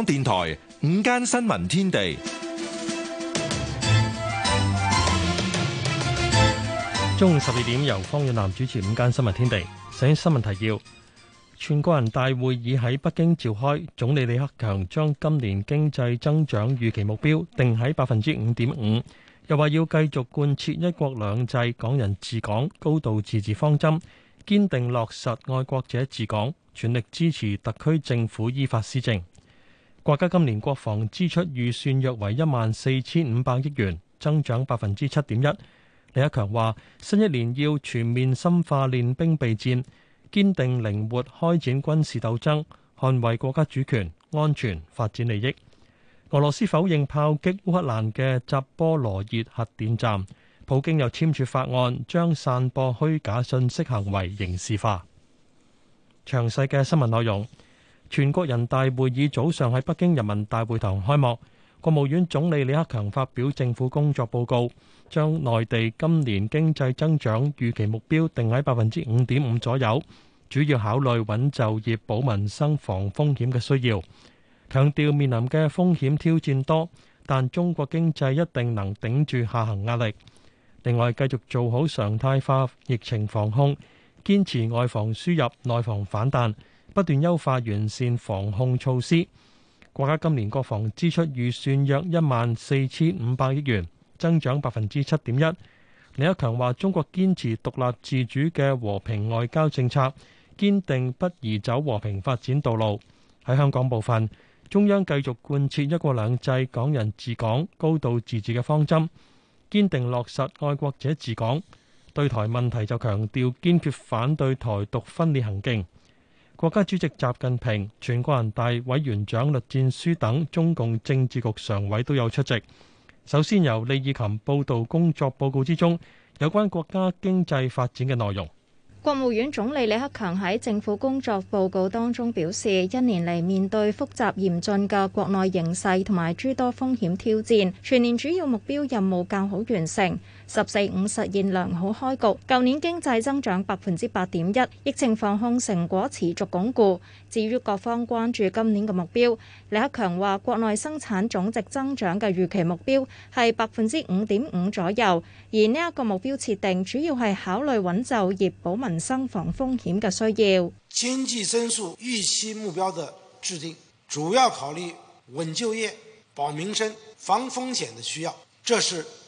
港電台午間新聞天地，中午十二點，由方潤南主持《午間新聞天地》。首先，新聞提要：全國人大會議喺北京召開，總理李克強將今年經濟增長預期目標定喺百分之五點五，又話要繼續貫徹一國兩制、港人治港、高度自治方針，堅定落實愛國者治港，全力支持特區政府依法施政。國家今年國防支出預算約為一萬四千五百億元，增長百分之七點一。李克強話：新一年要全面深化練兵備戰，堅定靈活開展軍事鬥爭，捍衛國家主權、安全、發展利益。俄羅斯否認炮擊烏克蘭嘅扎波羅熱核電站。普京又簽署法案，將散播虛假信息行為刑事化。詳細嘅新聞內容。全國人大會議早上喺北京人民大會堂開幕，國務院總理李克強發表政府工作報告，將內地今年經濟增長預期目標定喺百分之五點五左右，主要考慮穩就業、保民生、防風險嘅需要。強調面臨嘅風險挑戰多，但中國經濟一定能頂住下行壓力。另外，繼續做好常態化疫情防控，堅持外防輸入、內防反彈。不斷優化完善防控措施。國家今年國防支出預算約一萬四千五百億元，增長百分之七點一。李克強話：中國堅持獨立自主嘅和平外交政策，堅定不移走和平發展道路。喺香港部分，中央繼續貫徹一國兩制、港人治港、高度自治嘅方針，堅定落實愛國者治港。對台問題就強調堅決反對台獨分裂行徑。國家主席習近平、全國人大委員長栗戰書等中共政治局常委都有出席。首先由李義琴報道工作報告之中有關國家經濟發展嘅內容。國務院總理李克強喺政府工作報告當中表示，一年嚟面對複雜嚴峻嘅國內形勢同埋諸多風險挑戰，全年主要目標任務較好完成。十四五實現良好開局，舊年經濟增長百分之八點一，疫情防控成果持續鞏固。至於各方關注今年嘅目標，李克強話：國內生產總值增長嘅預期目標係百分之五點五左右，而呢一個目標設定主要係考慮穩就業、保民生、防風險嘅需要。經濟增速預期目標嘅制定，主要考慮穩就業、保民生、防風險嘅需要，這是，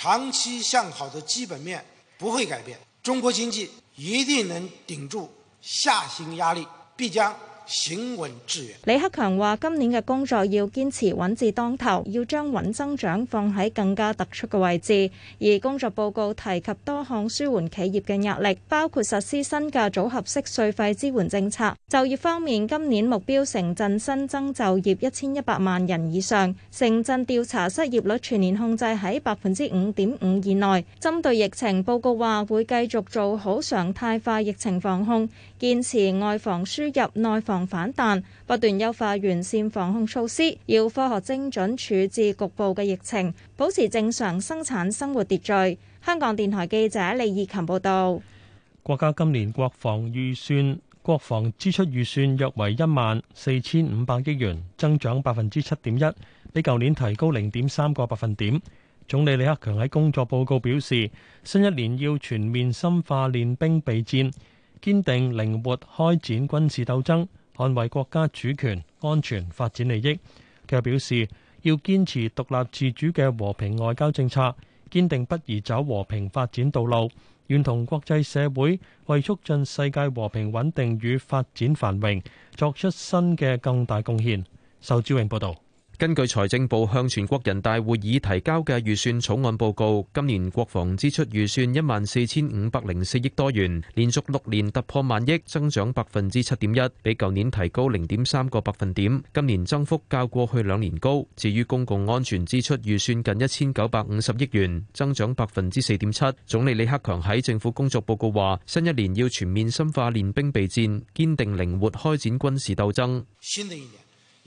長期向好的基本面不會改變，中國經濟一定能頂住下行壓力，必將。穩李克強話：今年嘅工作要堅持穩字當頭，要將穩增長放喺更加突出嘅位置。而工作報告提及多項舒緩企業嘅壓力，包括實施新嘅組合式稅費支援政策。就業方面，今年目標城鎮新增就業一千一百萬人以上，城鎮調查失業率全年控制喺百分之五點五以內。針對疫情，報告話會繼續做好常態化疫情防控。堅持外防輸入、內防反彈，不斷優化完善防控措施，要科學精準處置局部嘅疫情，保持正常生產生活秩序。香港電台記者李義琴報道：國家今年國防預算、國防支出預算約為一萬四千五百億元，增長百分之七點一，比舊年提高零點三個百分點。總理李克強喺工作報告表示，新一年要全面深化練兵備戰。堅定靈活開展軍事鬥爭，捍衛國家主權、安全、發展利益。佢又表示，要堅持獨立自主嘅和平外交政策，堅定不移走和平發展道路，願同國際社會為促進世界和平穩定與發展繁榮作出新嘅更大貢獻。仇志榮報道。根據財政部向全國人大會議提交嘅預算草案報告，今年國防支出預算一萬四千五百零四億多元，連續六年突破萬億，增長百分之七點一，比舊年提高零點三個百分點。今年增幅較過去兩年高。至於公共安全支出預算近一千九百五十億元，增長百分之四點七。總理李克強喺政府工作報告話：新一年要全面深化練兵備戰，堅定靈活開展軍事鬥爭。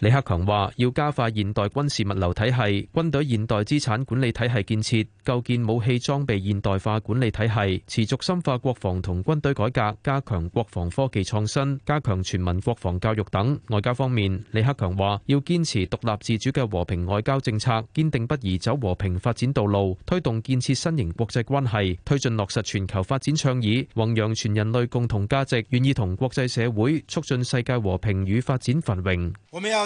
李克強話：要加快現代軍事物流體系、軍隊現代資產管理體系建設、構建武器裝備現代化管理體系，持續深化國防同軍隊改革，加強國防科技創新，加強全民國防教育等。外交方面，李克強話：要堅持獨立自主嘅和平外交政策，堅定不移走和平發展道路，推動建設新型國際關係，推進落實全球發展倡議，弘揚全人類共同價值，願意同國際社會促進世界和平與發展繁榮。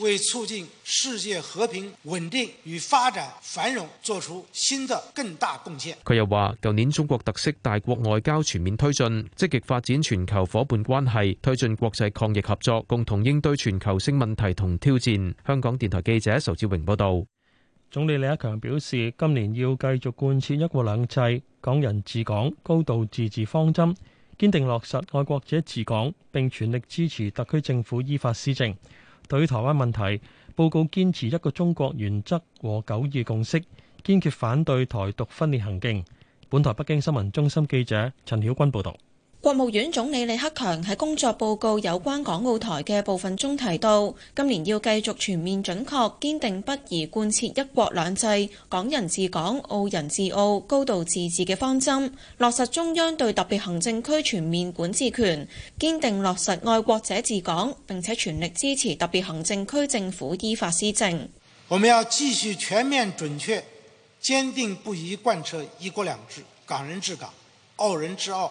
為促進世界和平、穩定與發展繁榮作出新的更大貢獻。佢又話，舊年中國特色大國外交全面推進，積極發展全球伙伴關係，推進國際抗疫合作，共同應對全球性問題同挑戰。香港電台記者仇志榮報道：「總理李克強表示，今年要繼續貫徹一國兩制、港人治港、高度自治方針，堅定落實愛國者治港，並全力支持特區政府依法施政。對於台灣問題，報告堅持一個中國原則和九二共識，堅決反對台獨分裂行徑。本台北京新聞中心記者陳曉君報導。國務院總理李克強喺工作報告有關港澳台嘅部分中提到，今年要繼續全面準確、堅定不移貫徹一國兩制、港人治港、澳人治澳、高度自治嘅方針，落實中央對特別行政區全面管治權，堅定落實愛國者治港，並且全力支持特別行政區政府依法施政。我們要繼續全面準確、堅定不移貫徹一國兩制、港人治港、澳人治澳。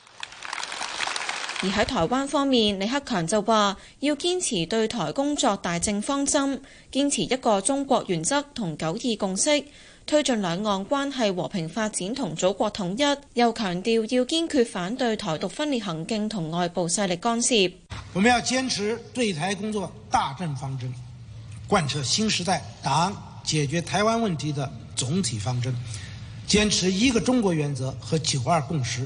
而喺台灣方面，李克強就話要堅持對台工作大政方針，堅持一個中國原則同九二共識，推進兩岸關係和平發展同祖國統一。又強調要堅決反對台獨分裂行徑同外部勢力干涉。我們要堅持對台工作大政方針，貫徹新時代黨解決台灣問題的總體方針，堅持一個中國原則和九二共識。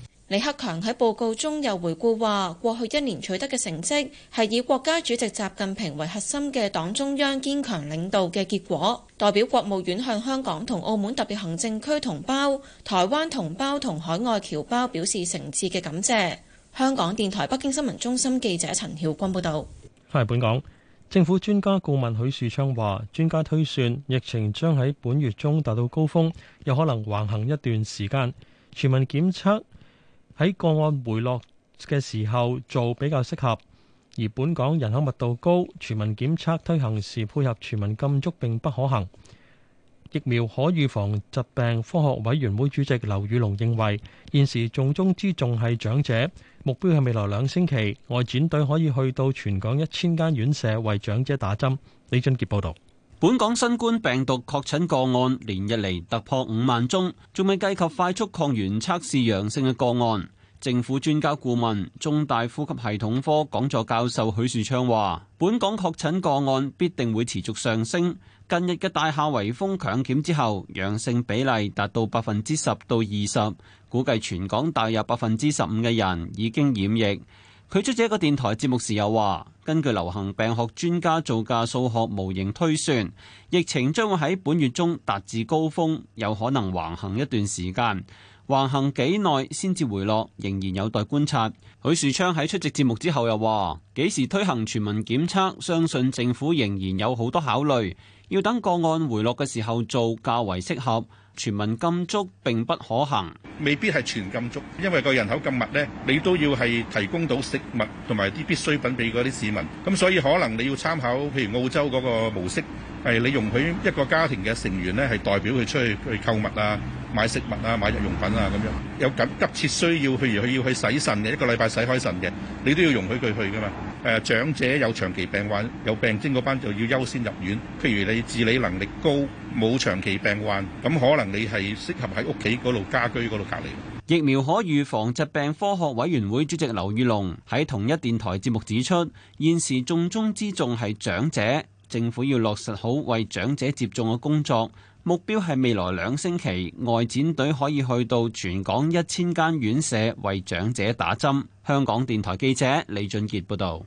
李克強喺報告中又回顧話：過去一年取得嘅成績係以國家主席習近平為核心嘅黨中央堅強領導嘅結果。代表國務院向香港同澳門特別行政區同胞、台灣同胞同海外僑胞表示誠摯嘅感謝。香港電台北京新聞中心記者陳曉君報道。翻嚟本港，政府專家顧問許樹昌話：專家推算疫情將喺本月中達到高峰，有可能橫行一段時間。全民檢測喺個案回落嘅時候做比較適合，而本港人口密度高，全民檢測推行時配合全民禁足並不可行。疫苗可預防疾病科學委員會主席劉宇龍認為，現時重中之重係長者，目標係未來兩星期外展隊可以去到全港一千間院舍為長者打針，李俊傑報道。本港新冠病毒確診個案連日嚟突破五萬宗，仲未計及快速抗原測試陽性嘅個案。政府專家顧問、中大呼吸系統科講座教授許樹昌話，本港確診個案必定會持續上升。近日嘅大廈圍封強檢之後，陽性比例達到百分之十到二十，估計全港大約百分之十五嘅人已經染疫。佢出席一個電台節目時又話，根據流行病學專家做嘅數學模型推算，疫情將會喺本月中達至高峰，有可能橫行一段時間。橫行幾耐先至回落，仍然有待觀察。許樹昌喺出席節目之後又話：幾時推行全民檢測，相信政府仍然有好多考慮，要等個案回落嘅時候做，較為適合。全文禁足並不可行。未必是全禁足,因為個人口咁密呢,你都要是提供到食物,同埋啲必需品俾嗰啲市民。咁,所以可能你要參考,比如澳洲嗰個模式,你容許一個家庭嘅成員呢,代表佢出去去購物啦,買食物啦,買日用品啦,咁樣。有緊急切需要,比如佢要去洗腎嘅,一個禮拜洗開腎嘅,你都要容許佢去㗎嘛。誒，長者有長期病患、有病徵嗰班就要優先入院。譬如你自理能力高，冇長期病患，咁可能你係適合喺屋企嗰度家居嗰度隔離。疫苗可預防疾病科學委員會主席劉宇龍喺同一電台節目指出，現時重中之重係長者，政府要落實好為長者接種嘅工作。目標係未來兩星期，外展隊可以去到全港一千間院舍，為長者打針。香港電台記者李俊杰報道。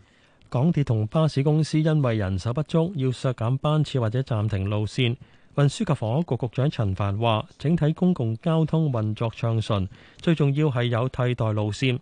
港鐵同巴士公司因為人手不足，要削減班次或者暫停路線。運輸及房屋局局長陳帆話，整體公共交通運作暢順，最重要係有替代路線。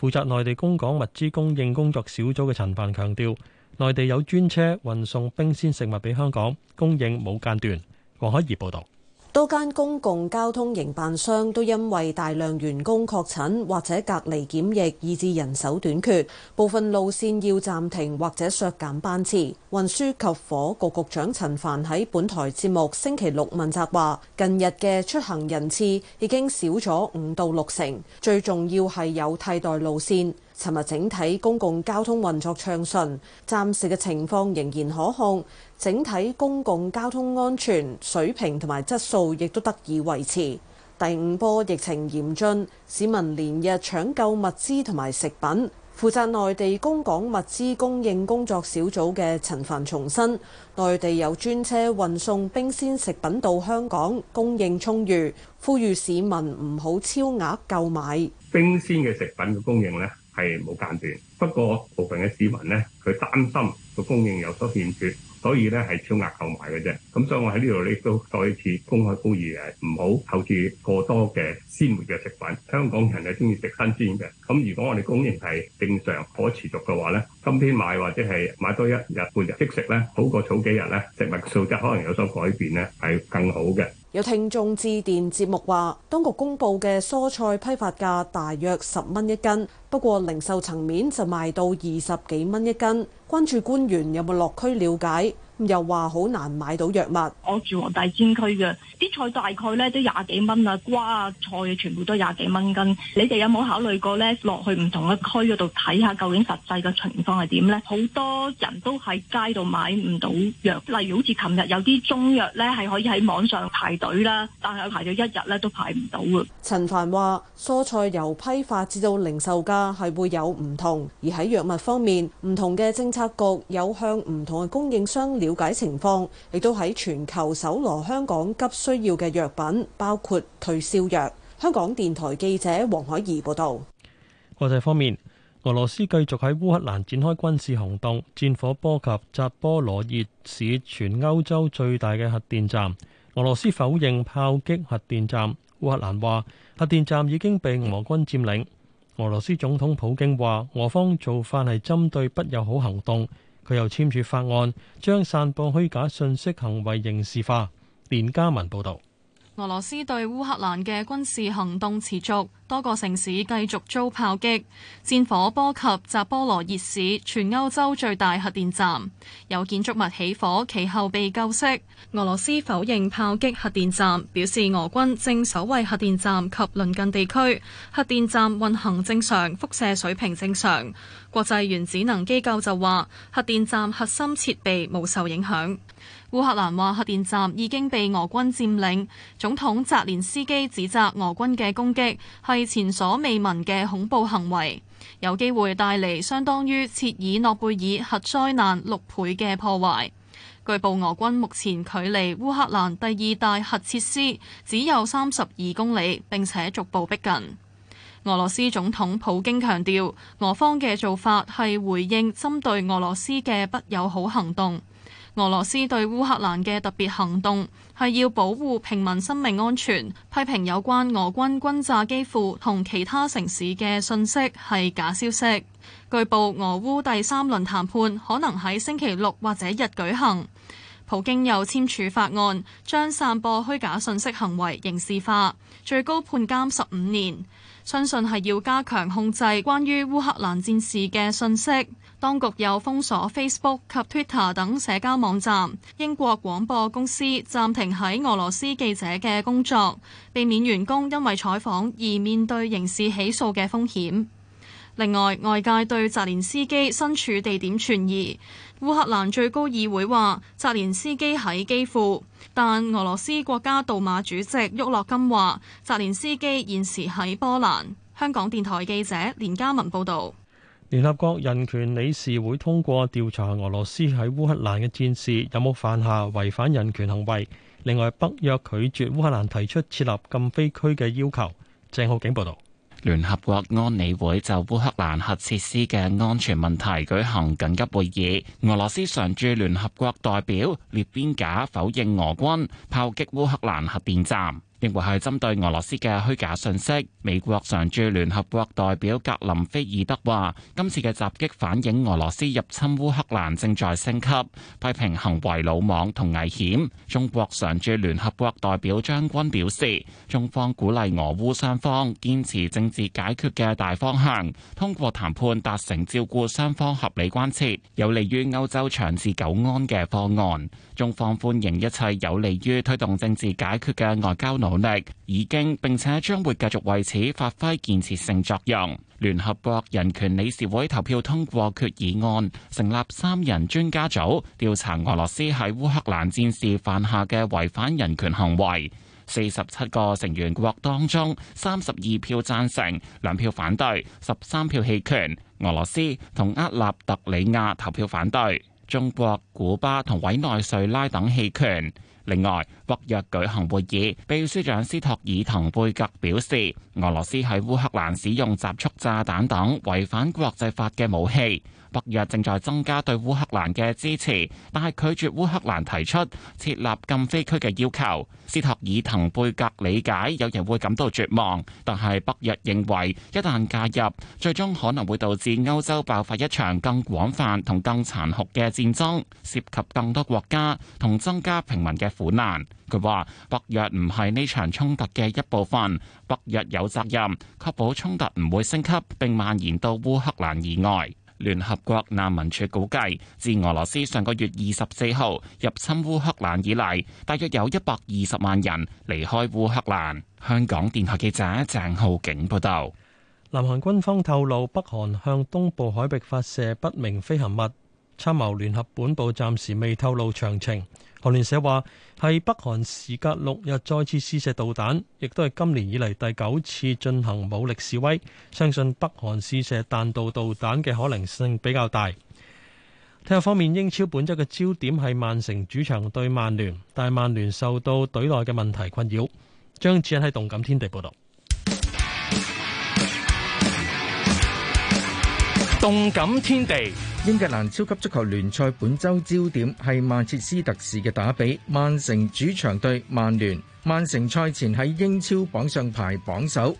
負責內地供港物資供應工作小組嘅陳帆強調，內地有專車運送冰鮮食物俾香港，供應冇間斷。王海怡報道，多間公共交通營辦商都因為大量員工確診或者隔離檢疫，以致人手短缺，部分路線要暫停或者削減班次。運輸及火局局長陳帆喺本台節目星期六問責話，近日嘅出行人次已經少咗五到六成，最重要係有替代路線。尋日整體公共交通運作暢順，暫時嘅情況仍然可控。整體公共交通安全水平同埋質素亦都得以維持。第五波疫情嚴峻，市民連日搶購物資同埋食品。負責內地供港物資供應工作小組嘅陳凡重申，內地有專車運送冰鮮食品到香港，供應充裕，呼籲市民唔好超額購買。冰鮮嘅食品嘅供應呢，係冇間斷，不過部分嘅市民呢，佢擔心個供應有所欠缺。所以咧係超額購買嘅啫，咁所以我喺呢度咧都再一次公開呼籲誒，唔好購置過多嘅鮮活嘅食品。香港人係中意食新鮮嘅，咁如果我哋供應係正常可持續嘅話咧，今天買或者係買多一日半日即食咧，好過早幾日咧，食物質素可能有所改變咧，係更好嘅。有聽眾致電節目話，當局公佈嘅蔬菜批發價大約十蚊一斤，不過零售層面就賣到二十幾蚊一斤。關注官員有冇落區了解？又話好難買到藥物。我住黃大仙區嘅，啲菜大概咧都廿幾蚊啦，瓜啊菜全部都廿幾蚊斤。你哋有冇考慮過咧落去唔同嘅區嗰度睇下究竟實際嘅情況係點呢？好多人都喺街度買唔到藥，例如好似琴日有啲中藥咧係可以喺網上排隊啦，但係排咗一日咧都排唔到㗎。陳帆話：蔬菜由批發至到零售價係會有唔同，而喺藥物方面，唔同嘅政策局有向唔同嘅供應商。了解情況，亦都喺全球搜羅香港急需要嘅藥品，包括退燒藥。香港電台記者黃海怡報道。國際方面，俄羅斯繼續喺烏克蘭展開軍事行動，戰火波及扎波羅熱市全歐洲最大嘅核電站。俄羅斯否認炮擊核電站，烏克蘭話核電站已經被俄軍佔領。俄羅斯總統普京話，俄方做法係針對不友好行動。佢又簽署法案，將散播虛假信息行為刑事化。連家文報道。俄羅斯對烏克蘭嘅軍事行動持續，多個城市繼續遭炮擊，戰火波及扎波羅熱市，全歐洲最大核電站有建築物起火，其後被救熄。俄羅斯否認炮擊核電站，表示俄軍正守衛核電站及鄰近地區，核電站運行正常，輻射水平正常。國際原子能機構就話，核電站核心設備冇受影響。烏克蘭話核電站已經被俄軍佔領，總統澤連斯基指責俄軍嘅攻擊係前所未聞嘅恐怖行為，有機會帶嚟相當於切爾諾貝爾核災難六倍嘅破壞。據報，俄軍目前距離烏克蘭第二大核設施只有三十二公里，並且逐步逼近。俄羅斯總統普京強調，俄方嘅做法係回應針對俄羅斯嘅不友好行動。俄羅斯對烏克蘭嘅特別行動係要保護平民生命安全，批評有關俄軍轟炸機庫同其他城市嘅信息係假消息。據報，俄烏第三輪談判可能喺星期六或者日舉行。普京又簽署法案，將散播虛假信息行為刑事化，最高判監十五年。相信係要加強控制關於烏克蘭戰事嘅信息，當局有封鎖 Facebook 及 Twitter 等社交網站。英國廣播公司暫停喺俄羅斯記者嘅工作，避免員工因為採訪而面對刑事起訴嘅風險。另外，外界對澤連斯基身處地點存疑。烏克蘭最高議會話澤連斯基喺機庫，但俄羅斯國家杜馬主席沃洛金話澤連斯基現時喺波蘭，香港電台記者連嘉文報道。聯合國人權理事會通過調查俄羅斯喺烏克蘭嘅戰事有冇犯下違反人權行為，另外，北約拒絕烏克蘭提出設立禁飛區嘅要求。鄭浩景報道。聯合國安理會就烏克蘭核設施嘅安全問題舉行緊急會議，俄羅斯常駐聯合國代表列邊架否認俄軍炮擊烏克蘭核電站。認為係針對俄羅斯嘅虛假信息，美國常駐聯合國代表格林菲爾德話：今次嘅襲擊反映俄羅斯入侵烏克蘭正在升級，批評行為魯莽同危險。中國常駐聯合國代表張軍表示，中方鼓勵俄烏雙方堅持政治解決嘅大方向，通過談判達成照顧雙方合理關切，有利於歐洲長治久安嘅方案。中方歡迎一切有利於推動政治解決嘅外交努力已經並且將會繼續為此發揮建設性作用。聯合國人權理事會投票通過決議案，成立三人專家組調查俄羅斯喺烏克蘭戰事犯下嘅違反人權行為。四十七個成員國當中，三十二票贊成，兩票反對，十三票棄權。俄羅斯同厄立特里亞投票反對，中國、古巴同委內瑞拉等棄權。另外，北約舉行會議，秘書長斯托爾滕貝格表示，俄羅斯喺烏克蘭使用集束炸彈等違反國際法嘅武器。北約正在增加對烏克蘭嘅支持，但係拒絕烏克蘭提出設立禁飛區嘅要求。斯托爾滕貝格理解有人會感到絕望，但係北約認為一旦介入，最終可能會導致歐洲爆發一場更廣泛同更殘酷嘅戰爭，涉及更多國家同增加平民嘅苦難。佢話北約唔係呢場衝突嘅一部分，北約有責任確保衝突唔會升級，並蔓延到烏克蘭以外。聯合國難民署估計，自俄羅斯上個月二十四號入侵烏克蘭以嚟，大約有一百二十萬人離開烏克蘭。香港電台記者鄭浩景報道。南韓軍方透露，北韓向東部海域發射不明飛行物，參謀聯合本部暫時未透露詳情。韓聯社話，係北韓時隔六日再次試射導彈，亦都係今年以嚟第九次進行武力示威，相信北韓試射彈道導彈嘅可能性比較大。體育方面，英超本周嘅焦點係曼城主場對曼聯，但曼聯受到隊內嘅問題困擾。張志欣喺動感天地報道。動感天地。英格蘭超級足球聯賽本周焦點係曼徹斯特市嘅打比，曼城主場對曼聯。曼城賽前喺英超榜上排榜首，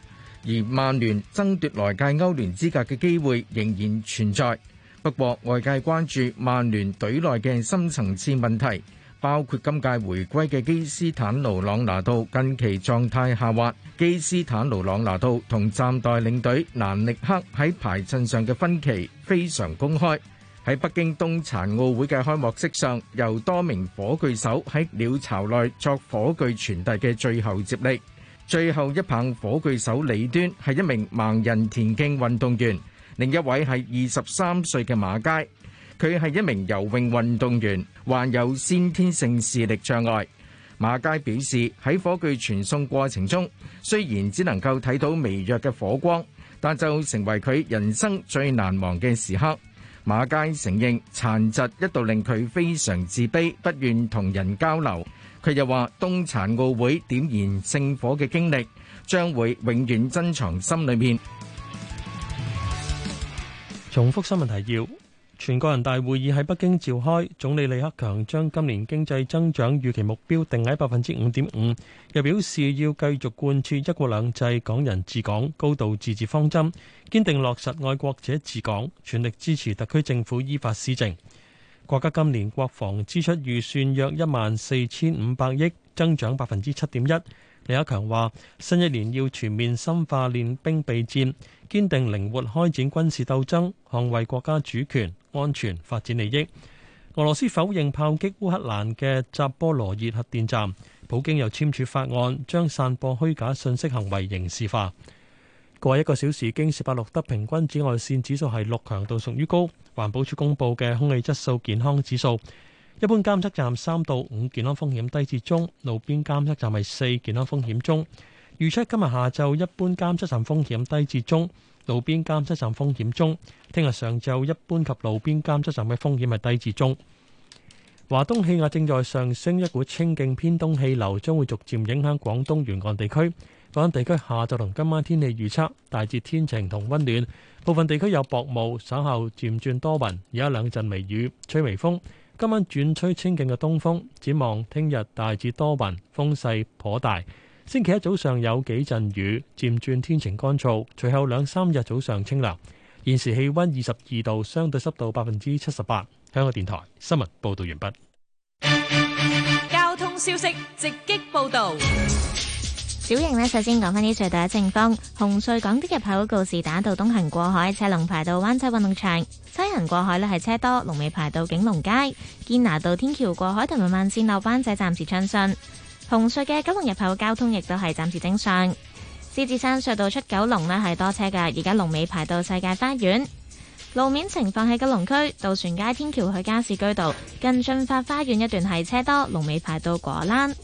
而曼聯爭奪來屆歐聯資格嘅機會仍然存在。不過外界關注曼聯隊內嘅深層次問題，包括今屆回歸嘅基斯坦奴朗拿度近期狀態下滑，基斯坦奴朗拿度同暫代領隊蘭力克喺排陣上嘅分歧非常公開。喺北京冬殘奧會嘅開幕式上，由多名火炬手喺鳥巢內作火炬傳遞嘅最後接力。最後一棒火炬手李端係一名盲人田徑運動員，另一位係二十三歲嘅馬佳，佢係一名游泳運動員，患有先天性視力障礙。馬佳表示，喺火炬傳送過程中，雖然只能夠睇到微弱嘅火光，但就成為佢人生最難忘嘅時刻。馬佳承認殘疾一度令佢非常自卑，不願同人交流。佢又話，冬殘奧會點燃聖火嘅經歷，將會永遠珍藏心裏面。重複新聞提要。全國人大會議喺北京召開，總理李克強將今年經濟增長預期目標定喺百分之五點五，又表示要繼續貫徹一國兩制、港人治港、高度自治方針，堅定落實愛國者治港，全力支持特區政府依法施政。國家今年國防支出預算約一萬四千五百億，增長百分之七點一。李克強話：新一年要全面深化練兵備戰，堅定靈活開展軍事鬥爭，捍衛國家主權，安全發展利益。俄羅斯否認炮擊烏克蘭嘅扎波羅熱核電站。普京又簽署法案，將散播虛假信息行為刑事化。過一個小時，京士柏錄得平均紫外線指數係六，強度屬於高。環保署公布嘅空氣質素健康指數，一般監測站三到五，健康風險低至中；路邊監測站係四，健康風險中。預測今日下晝，一般監測站風險低至中。路邊監測站風險中，聽日上晝一般及路邊監測站嘅風險係低至中。華東氣壓正在上升，一股清勁偏東氣流將會逐漸影響廣東沿岸地區。各地區下晝同今晚天氣預測，大致天晴同溫暖，部分地區有薄霧，稍後漸轉多雲，有一兩陣微雨，吹微風。今晚轉吹清勁嘅東風，展望聽日大致多雲，風勢頗大。星期一早上有幾陣雨，漸轉天晴，乾燥。隨後兩三日早上清涼。現時氣溫二十二度，相對濕度百分之七十八。香港電台新聞報道完畢。交通消息直擊報道。小瑩呢，首先講翻啲最大嘅情況：紅隧港島入口告士打道東行過海車龍排到灣仔運動場，西行過海呢係車多，龍尾排到景隆街。堅拿道天橋過海同埋慢線路灣仔暫時暢順紅隧嘅九龍入口交通亦都係暫時正常。獅子山隧道出九龍呢係多車嘅，而家龍尾排到世界花園。路面情況喺九龍區渡船街天橋去加士居道近駿發花園一段係車多，龍尾排到果欄。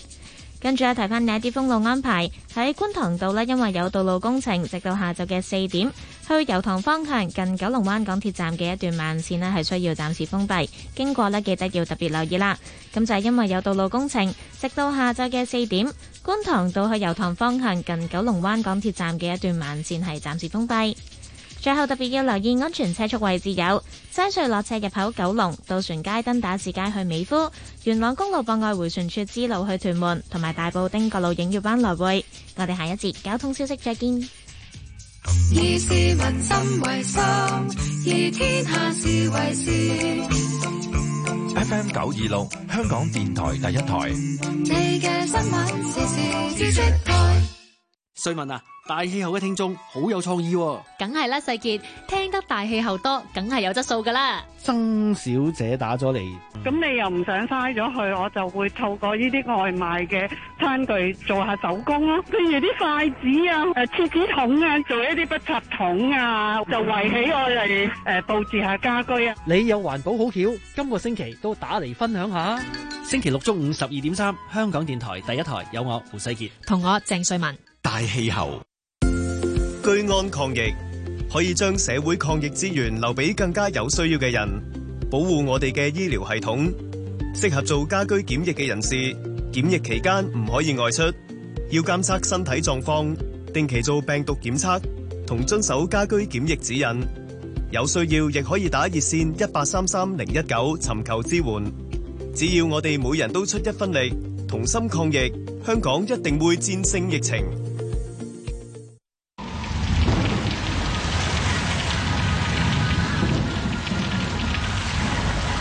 跟住啊，提翻呢一啲封路安排喺觀塘道呢，因為有道路工程，直到下晝嘅四點去油塘方向近九龍灣港鐵站嘅一段慢線咧，係需要暫時封閉，經過呢，記得要特別留意啦。咁就係因為有道路工程，直到下晝嘅四點，觀塘道去油塘方向近九龍灣港鐵站嘅一段慢線係暫時封閉。最後特別要留意安全車速位置，有西隧落車入口九龍、九龍渡船街登打士街去美孚、元朗公路博愛回旋處支路去屯門、同埋大埔丁角路映月灣來回。我哋下一節交通消息再見。以市民心為心，以天下事為事。FM 九二六， 26，香港電台第一台。瑞文啊，大氣候嘅聽眾好有創意，梗係啦。世杰聽得大氣候多，梗係有質素噶啦。曾小姐打咗嚟，咁你又唔想嘥咗佢，我就會透過呢啲外賣嘅餐具做下手工咯。譬如啲筷子啊，誒，廁紙筒啊，做一啲筆插筒啊，就圍起我嚟誒布置下家居啊。你有環保好巧，今個星期都打嚟分享下。星期六中午十二點三，香港電台第一台有我胡世杰同我鄭瑞文。大氣候居安抗疫，可以將社會抗疫資源留俾更加有需要嘅人，保護我哋嘅醫療系統。適合做家居檢疫嘅人士，檢疫期間唔可以外出，要監測身體狀況，定期做病毒檢測，同遵守家居檢疫指引。有需要亦可以打熱線一八三三零一九尋求支援。只要我哋每人都出一分力，同心抗疫，香港一定會戰勝疫情。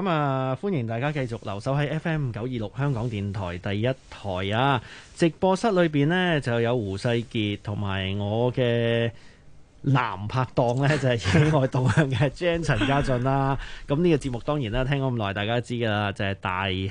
咁啊，歡迎大家繼續留守喺 FM 九二六香港電台第一台啊！直播室裏邊咧就有胡世傑同埋我嘅男拍檔咧，就係《野外導向》嘅 Jen 陳家俊啦。咁呢個節目當然啦，聽咗咁耐，大家知㗎啦，就係大戲。